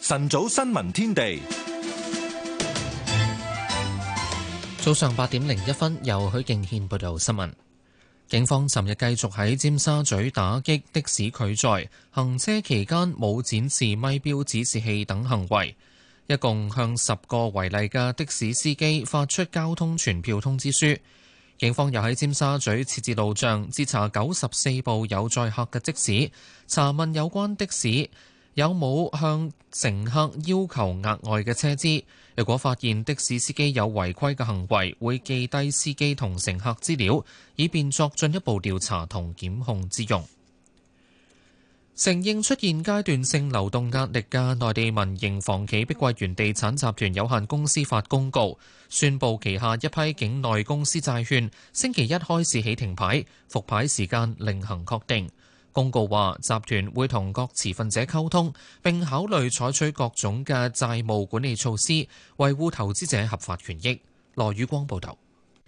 晨早新聞天地，早上八點零一分，由許敬軒報道新聞。警方尋日繼續喺尖沙咀打擊的士拒載、行車期間冇展示咪標指示器等行為，一共向十個違例嘅的、的士司機發出交通傳票通知書。警方又喺尖沙咀設置路障，截查九十四部有載客嘅的士，查問有關的士。有冇向乘客要求額外嘅車資？若果發現的士司機有違規嘅行為，會記低司機同乘客資料，以便作進一步調查同檢控之用。 承認出現階段性流動壓力嘅內地民營房企碧桂園地產集團有限公司發公告，宣布旗下一批境內公司債券星期一開始起停牌，復牌時間另行確定。公告話，集團會同各持份者溝通，並考慮採取各種嘅債務管理措施，維護投資者合法權益。羅宇光報導。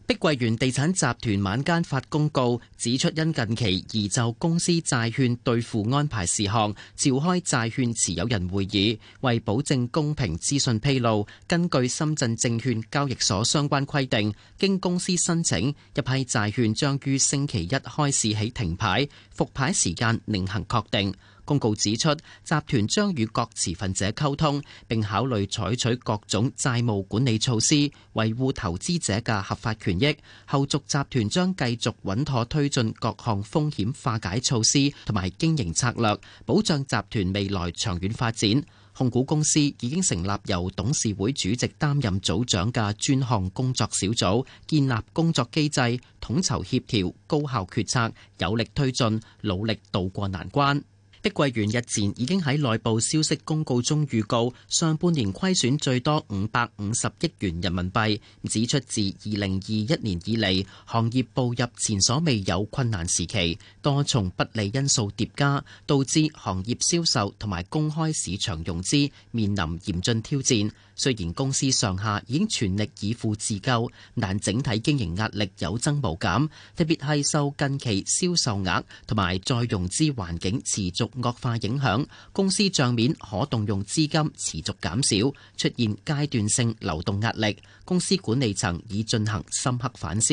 碧桂園地產集團晚間發公告指出，因近期移就公司債券兌付安排事項召開債券持有人會議，為保證公平資訊披露，根據深圳證券交易所相關規定，經公司申請，一批債券將於星期一開市起停牌，復牌時間另行確定。公告指出，集團將與各持份者溝通，並考慮採取各種債務管理措施，維護投資者嘅合法權益。後續集團將繼續穩妥推進各項風險化解措施同埋經營策略，保障集團未來長遠發展。控股公司已經成立由董事會主席擔任組長嘅專項工作小組，建立工作機制，統籌協調，高效決策，有力推進，努力渡過難關。碧桂園日前已經喺內部消息公告中預告，上半年虧損最多五百五十億元人民幣，指出自二零二一年以嚟，行業步入前所未有困難時期，多重不利因素疊加，導致行業銷售同埋公開市場融資面臨嚴峻挑戰。雖然公司上下已經全力以赴自救，但整體經營壓力有增無減，特別係受近期銷售額同埋再融資環境持續惡化影響，公司帳面可動用資金持續減少，出現階段性流動壓力。公司管理層已進行深刻反思。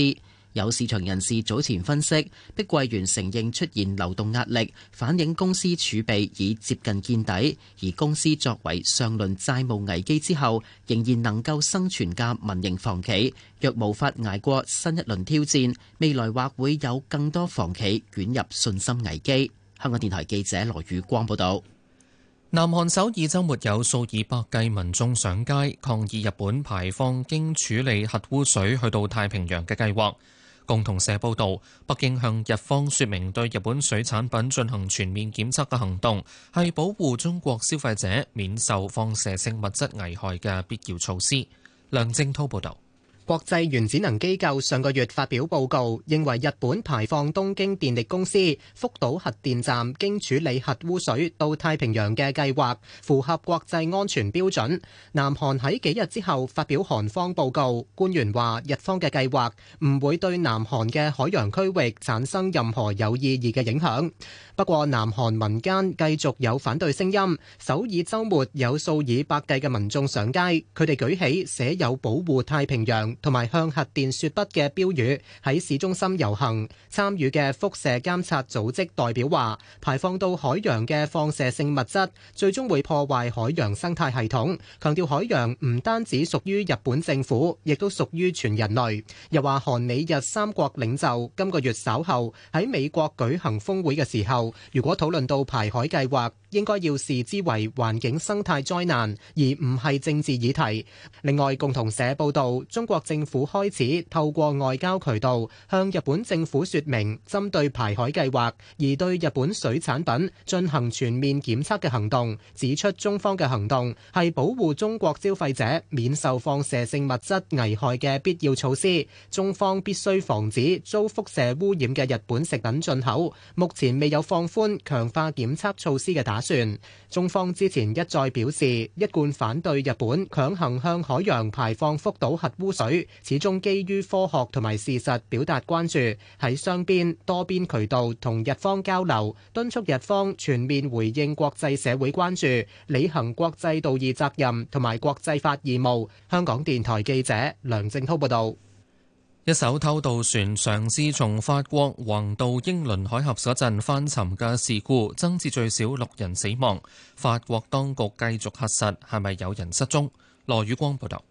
有市場人士早前分析，碧桂園承認出現流動壓力，反映公司儲備已接近見底。而公司作為上輪債務危機之後仍然能夠生存嘅民營房企，若無法捱過新一輪挑戰，未來或會有更多房企捲入信心危機。香港電台記者羅宇光報道，南韓首爾周末有數以百計民眾上街抗議日本排放經處理核污水去到太平洋嘅計劃。共同社報道，北京向日方說明對日本水產品進行全面檢測嘅行動，係保護中國消費者免受放射性物質危害嘅必要措施。梁正濤報道。國際原子能機構上個月發表報告，認為日本排放東京電力公司福島核電站經處理核污水到太平洋嘅計劃符合國際安全標準。南韓喺幾日之後發表韓方報告，官員話日方嘅計劃唔會對南韓嘅海洋區域產生任何有意義嘅影響。不過南韓民間繼續有反對聲音，首爾周末有數以百計嘅民眾上街，佢哋舉起寫有保護太平洋同埋向核電雪筆嘅標語喺市中心遊行，參與嘅輻射監察組織代表話：排放到海洋嘅放射性物質最終會破壞海洋生態系統。強調海洋唔單止屬於日本政府，亦都屬於全人類。又話韓美日三國領袖今個月稍後喺美國舉行峰會嘅時候，如果討論到排海計劃。應該要視之為環境生態災難，而唔係政治議題。另外，共同社報道，中國政府開始透過外交渠道向日本政府說明，針對排海計劃，而對日本水產品進行全面檢測嘅行動，指出中方嘅行動，係保護中國消費者免受放射性物質危害嘅必要措施。中方必須防止遭輻射污染嘅日本食品進口。目前未有放寬強化檢測措施嘅打。中方之前一再表示，一貫反對日本強行向海洋排放福島核污水，始終基於科學同埋事實表達關注，喺雙邊、多邊渠道同日方交流，敦促日方全面回應國際社會關注，履行國際道義責任同埋國際法義務。香港電台記者梁正濤報道。一艘偷渡船嘗試從法國橫渡英倫海峽嗰陣翻沉嘅事故，增至最少六人死亡。法國當局繼續核實係咪有人失蹤。羅宇光報道。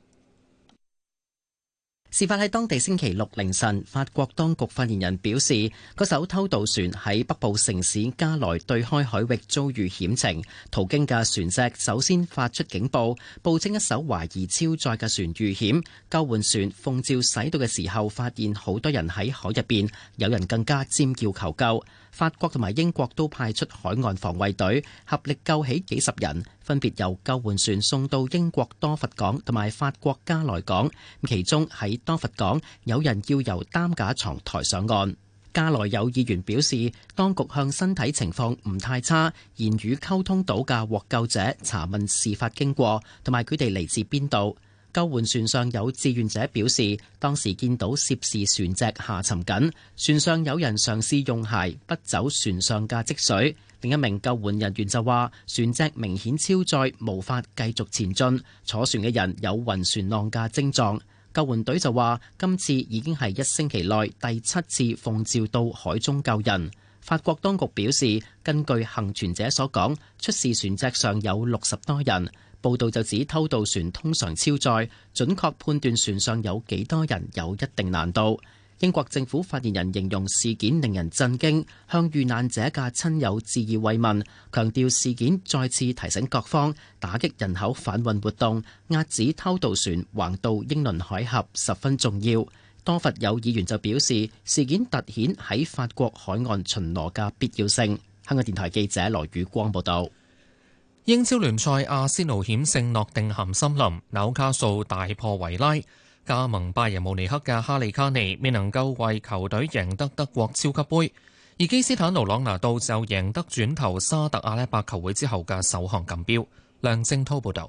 事發喺當地星期六凌晨，法國當局發言人表示，嗰艘偷渡船喺北部城市加萊對開海域遭遇險情，途經嘅船隻首先發出警報，報稱一艘懷疑超載嘅船遇險，救援船奉召駛到嘅時候，發現好多人喺海入邊，有人更加尖叫求救。法國同埋英國都派出海岸防衛隊，合力救起幾十人，分別由救援船送到英國多佛港同埋法國加來港。其中喺多佛港，有人要由擔架牀抬上岸。加來有議員表示，當局向身體情況唔太差、言語溝通到嘅獲救者查問事發經過，同埋佢哋嚟自邊度。救援船上有志願者表示，當時見到涉事船隻下沉緊，船上有人嘗試用鞋不走船上嘅積水。另一名救援人員就話，船隻明顯超載，無法繼續前進，坐船嘅人有暈船浪嘅症狀，救援隊就話，今次已經係一星期內第七次奉召到海中救人。法國當局表示，根據幸存者所講，出事船隻上有六十多人。報道就指偷渡船通常超載，準確判斷船上有幾多人有一定難度。英國政府發言人形容事件令人震驚，向遇難者嘅親友致意慰問，強調事件再次提醒各方打擊人口販運活動、壓止偷渡船橫渡英倫海峽十分重要。多佛有議員就表示，事件突顯喺法國海岸巡邏嘅必要性。香港電台記者羅宇光報導。英超聯賽，阿仙奴險勝諾定咸森林，紐卡素大破維拉，加盟拜仁慕尼黑嘅哈利卡尼未能夠為球隊贏得德國超級盃，而基斯坦奴朗拿度就贏得轉投沙特阿拉伯球會之後嘅首項錦標。梁正濤報道。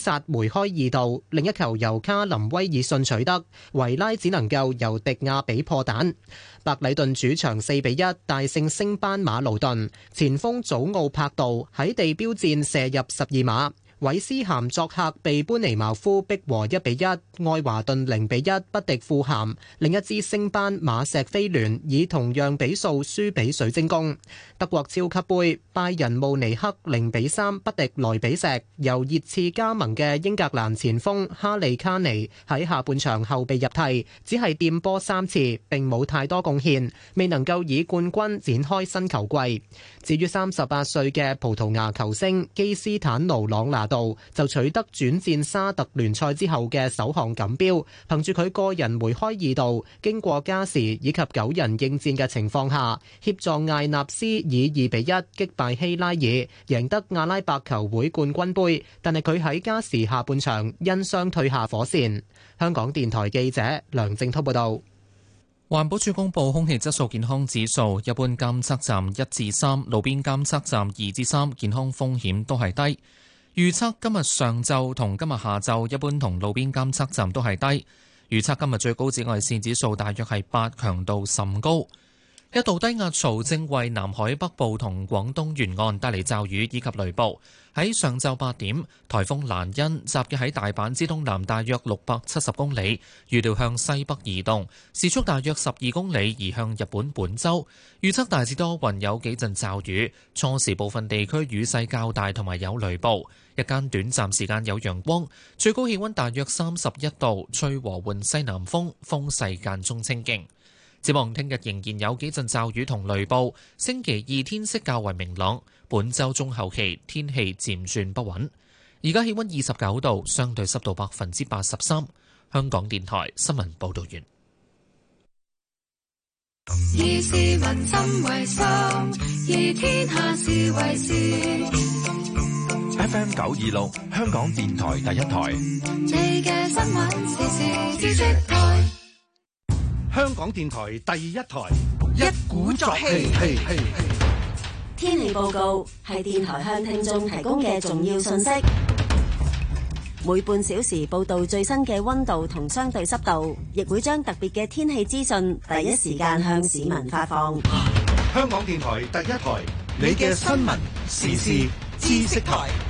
殺梅開二度，另一球由卡林威爾遜取得，維拉只能夠由迪亞比破蛋，白禮頓主場四比一大勝升班馬勞頓，前鋒祖奧柏度喺地標戰射入十二碼。韋斯咸作客被班尼茅夫逼和一比一，愛華頓零比一不敵富咸。另一支升班馬錫菲聯以同樣比數輸俾水晶宮。德國超級杯拜仁慕尼克零比三不敵萊比錫。由熱刺加盟嘅英格蘭前鋒哈利卡尼喺下半場後被入替，只係掂波三次並冇太多貢獻，未能夠以冠軍展開新球季。至於三十八歲嘅葡萄牙球星基斯坦奴朗拿道就取得轉戰沙特聯賽之後嘅首項錦標，憑住佢個人梅開二度，經過加時以及九人應戰嘅情況下，協助艾納斯以二比一擊敗希拉爾，贏得阿拉伯球會冠軍杯。但係佢喺加時下半場因傷退下火線。香港電台記者梁正濤報道。環保署公布空氣質素健康指數，一般監測站一至三，路邊監測站二至三，3，健康風險都係低。預測今日上晝同今日下晝，一般同路邊監測站都係低。預測今日最高紫外線指數大約係八，強度甚高。一道低壓槽正為南海北部同廣東沿岸帶嚟驟雨以及雷暴。喺上晝八點，台風蘭恩集結喺大阪之東南大約六百七十公里，預料向西北移動，時速大約十二公里，移向日本本州。預測大致多雲，有幾陣驟雨，初時部分地區雨勢較大，同埋有雷暴。日間短暫時間有陽光，最高氣溫大約三十一度，吹和緩西南風，風勢間中清勁。展望聽日仍然有幾陣驟雨同雷暴，星期二天色較為明朗。本周中後期天氣漸轉不穩。而家氣温二十九度，相對濕度百分之八十三。香港電台新聞報道完。F.M. 九二六， 26，香港電台第一台。，香港電台第一台，一鼓作氣。天氣報告係電台向聽眾提供嘅重要信息。每半小時報道最新嘅温度同相對濕度，亦會將特別嘅天氣資訊第一時間向市民發放。香港電台第一台，你嘅新聞時事知識台。Hey, hey, hey, hey.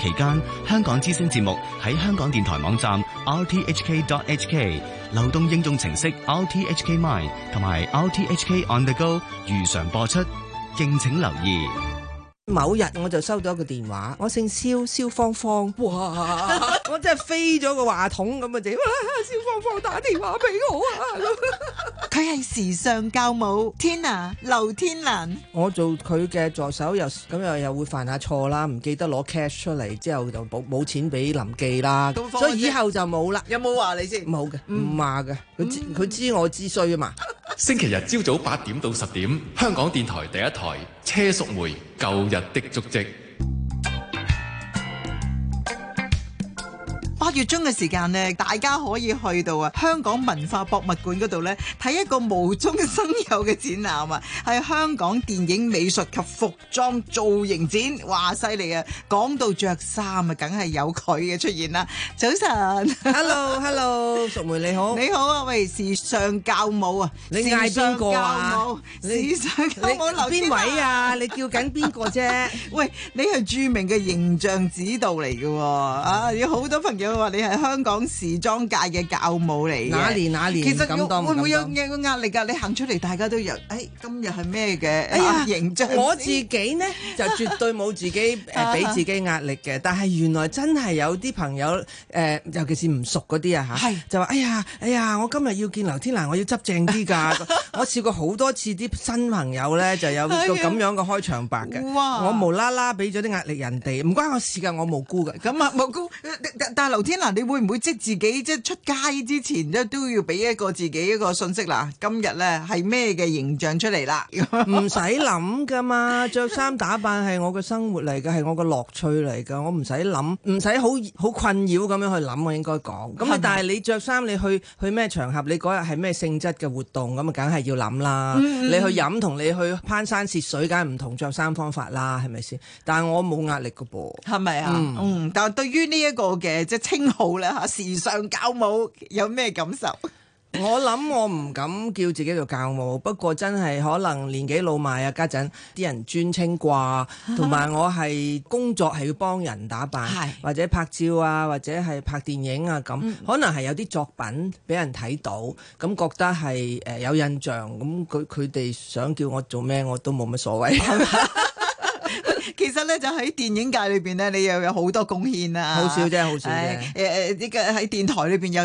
期間，香港之星節目喺香港電台網站 rthk.hk、流動應用程式 rthk mind 同埋 rthk on the go 如常播出，敬請留意。某日我就收到一個電話，我姓蕭，蕭芳芳，哇，我真係飛咗個話筒咁嘅啫，蕭芳芳打電話俾我啊！佢係時尚教母，Tina，劉天啊，劉天蘭，我做佢嘅助手又咁又又，又會犯下錯啦，唔記得攞 cash 出嚟，之後就冇冇錢俾林記啦，方所以以後就冇啦。有冇話你先？唔好嘅，唔話嘅，佢佢知,、嗯、知，知我知需啊嘛。星期日朝早八點到十點，香港電台第一台，車淑梅，舊日的足跡。月中嘅時間咧，大家可以去到啊香港文化博物館嗰度咧，睇一個無中生有嘅展覽啊！係香港電影美術及服裝造型展，哇，犀利啊！講到着衫啊，梗係有佢嘅出現啦。早晨，Hello Hello，淑梅你好，你好啊，喂，時尚教母啊，你嗌邊個啊？時尚教母，時尚教母劉天華啊？你叫緊邊個啫？喂，你係著名嘅形象指導嚟㗎，啊，有好多朋友。你係香港時裝界嘅教母嚟，哪年哪年？其實會唔會有一個壓力㗎？你行出嚟，大家都有。誒，今日係咩嘅形象？我自己呢就絕對冇自己誒俾自己壓力嘅。但係原來真係有啲朋友誒，尤其是唔熟嗰啲啊嚇，就話：哎呀，哎呀，我今日要見劉天蘭，我要執正啲㗎。我試過好多次，啲新朋友咧就有個咁樣嘅開場白嘅。哇！我無啦啦俾咗啲壓力人哋，唔關我事㗎，我無辜㗎。咁啊無辜。但係劉天嗱，你會唔會即自己即係出街之前咧都要俾一個自己一個信息啦？今日咧係咩嘅形象出嚟啦？唔使諗噶嘛，着衫打扮係我嘅生活嚟嘅，係我嘅樂趣嚟噶，我唔使諗，唔使好好困擾咁樣去諗，我應該講咁啊。係咪？但係你着衫，你去去咩場合，你嗰日係咩性質嘅活動，咁啊，梗係要諗啦。嗯，你去飲同你去攀山涉水，梗係唔同着衫方法啦，係咪先？但係我冇壓力噶噃，係咪啊？嗯，但係對於呢一個嘅即係清。好啦吓，時尚教母有咩感受？我諗我唔敢叫自己做教母， 不過真係可能年紀老邁啊，家陣啲人尊稱啩，同埋我係工作係要幫人打扮，是或者拍照啊，或者係拍電影啊咁，嗯、可能係有啲作品俾人睇到，咁覺得係誒、呃、有印象，咁佢佢哋想叫我做咩我都冇乜所謂。 其實咧就喺電影界裏邊咧，你又有好多貢獻啦，好少啫好少啫，誒誒呢個喺電台裏邊有。